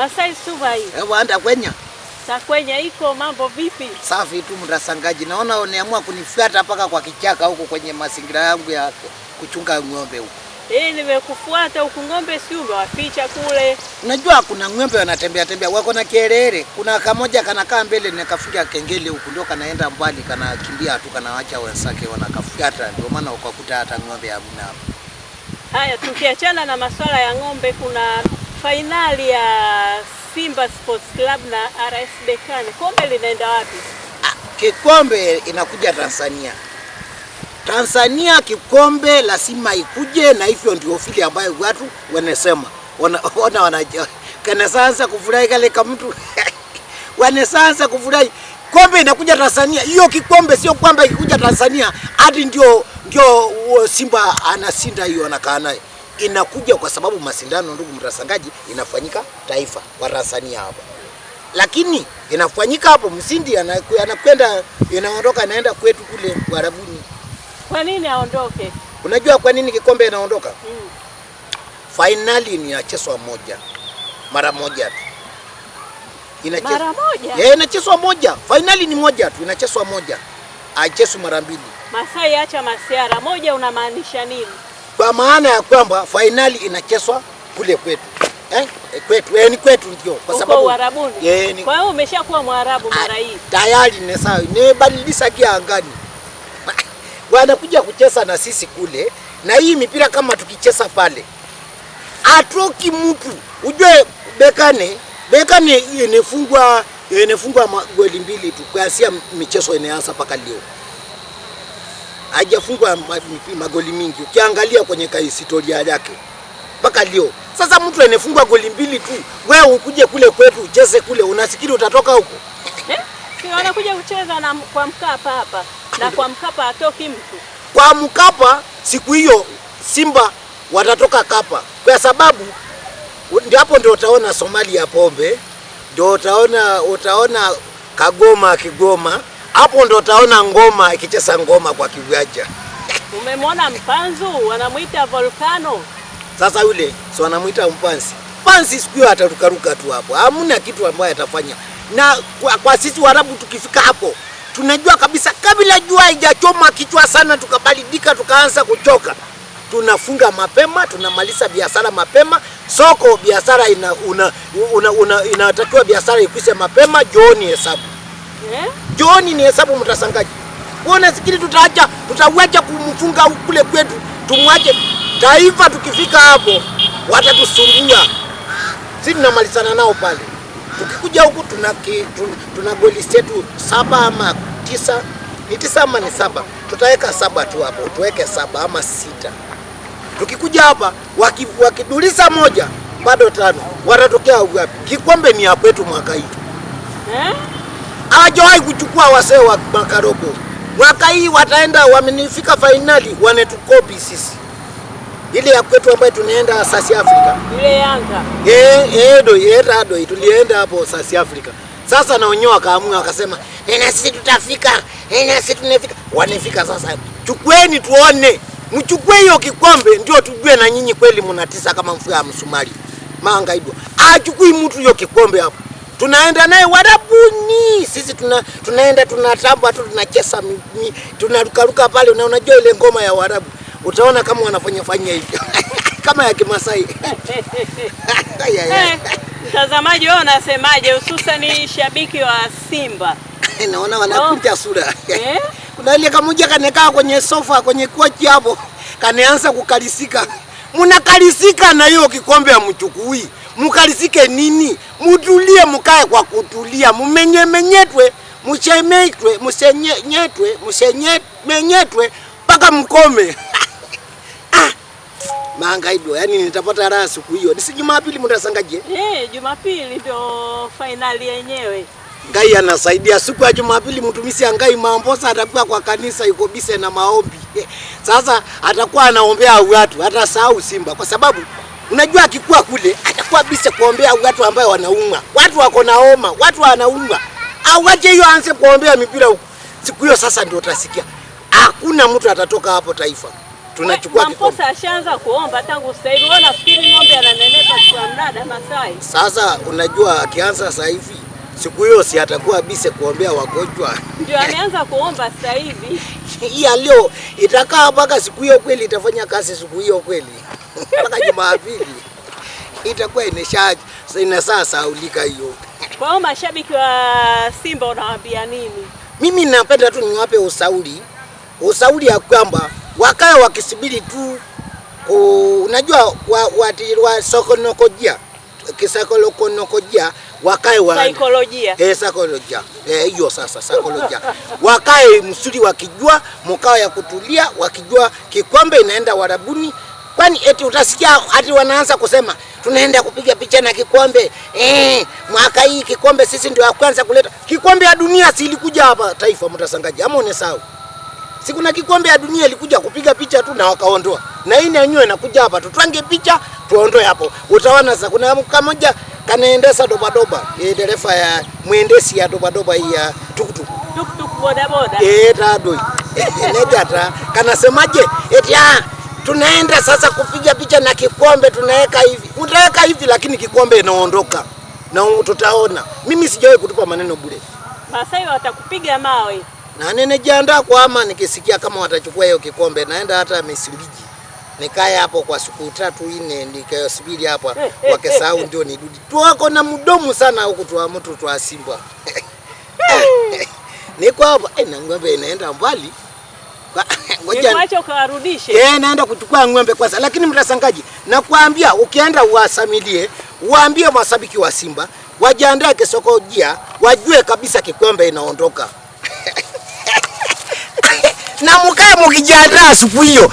Masai Subai. Eh, Ewa kwenye? Sa kwenye iko mambo vipi? Safi tu mrasangaji. Naona uneamua kunifuata mpaka kwa kichaka huko kwenye mazingira yangu ya kuchunga ng'ombe huko. Eh, nimekufuata huku ng'ombe si umewaficha kule. Unajua kuna ng'ombe wanatembea tembea wako na kelele. Kuna kamoja kanakaa mbele nikafungia kengele huku ndio kanaenda mbali kanakimbia tu kanaacha wenzake wanakafuata ndio maana ukakuta hata ng'ombe hamna. Haya tukiachana na masuala ya ng'ombe kuna fainali ya Simba Sports Club na RS Berkane, kombe linaenda wapi? Ah, Kikombe inakuja Tanzania. Tanzania kikombe lazima ikuje, na hivyo ndio fili ambayo watu wanasema wanaona wanajua kana sasa kufurahi kale kama mtu wane sasa kufurahi kombe inakuja Tanzania. Hiyo kikombe sio kwamba ikikuja Tanzania hadi ndio ndio uh, Simba anasinda hiyo anakaa naye inakuja kwa sababu masindano ndugu mrasangaji, inafanyika taifa kwa rasani hapa, lakini inafanyika hapo msindi anakwenda inaondoka anaenda kwetu kule Warabuni. Kwa nini aondoke? Unajua kwa nini kikombe inaondoka? hmm. Fainali inachezwa moja mara moja tu inachezwa mara moja. Yeah, inachezwa moja. Fainali ni moja tu inachezwa moja, haichezwi mara mbili. Masai acha masiara moja, unamaanisha nini? kwa maana ya kwamba fainali inachezwa kule kwetu eh? Kwetu eh, ni kwetu ndio, kwa sababu Uarabuni. kwa hiyo umeshakuwa Mwarabu ah, mara hii tayari, ni sawa, nimebadilisha gia angani wanakuja kucheza na sisi kule, na hii mipira kama tukicheza pale atoki mtu, ujue Bekane Bekane inefungwa inefungwa magoli mbili tu kuanzia michezo inaanza mpaka leo hajafungwa magoli mingi, ukiangalia kwenye historia yake mpaka leo. Sasa mtu anefungwa goli mbili tu, wewe ukuje kule kwetu ucheze kule, unasikiri utatoka huko? Eh, Anakuja kucheza na kwa Mkapa hapa na kwa Mkapa atoki mtu. Kwa Mkapa siku hiyo Simba watatoka Kapa, kwa sababu hapo ndio utaona Somalia pombe, ndio utaona utaona Kagoma Kigoma hapo ndo utaona ngoma ikicheza ngoma kwa kiwanja. Umemwona mpanzu wanamwita volcano. Sasa yule si wanamwita mpanzi panzi, siku hiyo atarukaruka tu hapo, hamna kitu ambaye atafanya. Na kwa, kwa sisi Waarabu tukifika hapo tunajua kabisa kabla jua haijachoma kichwa sana, tukabalidika tukaanza kuchoka, tunafunga mapema, tunamaliza biashara mapema. Soko biashara inatakiwa, biashara ikwishe mapema, jioni hesabu Eh? Joni ni hesabu mtasangaji. Wewe sikili tutaacha tutauacha kumfunga kule kwetu tumwache taifa? Tukifika hapo watatusumbua, Sisi tunamalizana nao pale. Tukikuja huku tuna, tuna goli zetu saba ama tisa, ni tisa ama ni saba, tutaweka saba tu hapo, tuweke saba ama sita. Tukikuja hapa wakiduliza waki moja bado tano, watatokea wapi? Kikombe ni hapo yetu mwaka hii eh? hawajawahi kuchukua wasee wa makarobo. Mwaka hii wataenda, wamenifika fainali, wanetukopi sisi ile ya kwetu ambayo tunaenda South Africa ile Yanga eh eh do era eh, do tulienda hapo South Africa. Sasa naonyoa akaamua akasema, na sisi tutafika, na sisi tunafika. wanifika sasa, chukueni tuone, mchukue hiyo kikombe ndio tujue na nyinyi kweli mnatisa kama ya msumari. Mangaidwa achukui mtu hiyo kikombe hapo tunaenda naye wadabuni. Sisi tuna, tunaenda tunatamba tu tunachesa tunarukaruka pale, na unajua ile ngoma ya Warabu utaona kama wanafanya fanya hivyo kama ya Kimasai eh, Mtazamaji, wewe unasemaje, hususani shabiki wa Simba? Naona wanakuja oh. sura. Eh? Kuna ile kamoja kanekaa kwenye sofa kwenye kochi hapo, kaneanza kukalisika, munakarisika na hiyo kikombe amchukui mukarizike nini? Mutulie, mukae kwa kutulia, mumenyemenyetwe, muchemetwe, musenyetwe, menyetwe mpaka mkome. Ah, mangaidwa, yani nitapata raha siku hiyo. Nisi Jumapili mtasangaje? Eh, Jumapili ndio finali yenyewe. Ngai anasaidia siku ya Jumapili, mtumisi angai mambosa atakuwa kwa kanisa yuko bise na maombi. Eh, sasa atakuwa anaombea watu, hata sahau Simba kwa sababu Unajua akikuwa kule atakuwa bise kuombea watu ambao wanaumwa, watu wako na homa, watu wanaumwa. Awache hiyo aanze kuombea mipira huko. Siku hiyo sasa ndio utasikia hakuna mtu atatoka hapo taifa. Tunachukua kikombe. Mposa ashaanza kuomba tangu sasa hivi. Wewe nafikiri ng'ombe ananeneka kwa mrada Masai. Sasa unajua akianza sasa hivi siku hiyo si atakuwa bise kuombea wagonjwa. Ndio ameanza kuomba sasa hivi. Hii leo itakaa mpaka siku hiyo kweli itafanya kazi siku hiyo kweli mpaka Jumapili itakuwa ina saa saulika hiyo. Kwa hiyo mashabiki wa Simba unawaambia nini? Mimi napenda tu niwape usauli, usauli ya kwamba wakae wakisubiri tu. ku, Unajua wa, wa, wa, sokonokojia kisakolokonokojia wakae wa saikolojia eh saikolojia eh hiyo sasa saikolojia wakae msuri, wakijua mkao ya kutulia, wakijua kikombe inaenda warabuni Kwani eti utasikia ati wanaanza kusema tunaenda kupiga picha na kikombe eh, mwaka hii kikombe sisi ndio ya kwanza kuleta kikombe ya dunia. Si ilikuja hapa taifa mtasangaji, ama unesahau? Si kuna kikombe ya dunia ilikuja kupiga picha tu na wakaondoa, na hii yenyewe inakuja hapa tu, twange picha tuondoe hapo. Utaona sasa kuna mmoja kanaendesa dobadoba e, dereva ya mwendesi ya dobadoba hii ya tukutuku tukutuku bodaboda eh, tadoi e, nejata kanasemaje eti ah tunaenda sasa kupiga picha na kikombe tunaweka hivi, utaweka hivi, lakini kikombe inaondoka na tutaona. Mimi sijawahi kutupa maneno bure. Masai watakupiga mawe na nimejiandaa kwa ama, nikisikia kama watachukua hiyo kikombe, naenda hata Misingiji nikae hapo kwa siku tatu nne, nikasubiri hapa eh, eh, eh, wakisahau ndio nirudi. Tuwako na mdomo sana huku tu mtu twa Simba niko eh, na ng'ombe inaenda mbali. Ngoja ukawarudishe. Eh, naenda kuchukua ng'ombe kwanza, lakini mtasangaji, nakwambia ukienda uwasamilie, uambie mashabiki wa Simba wajiandae kisokojia wajue kabisa kikombe inaondoka na mukae mukijiandaa siku hiyo.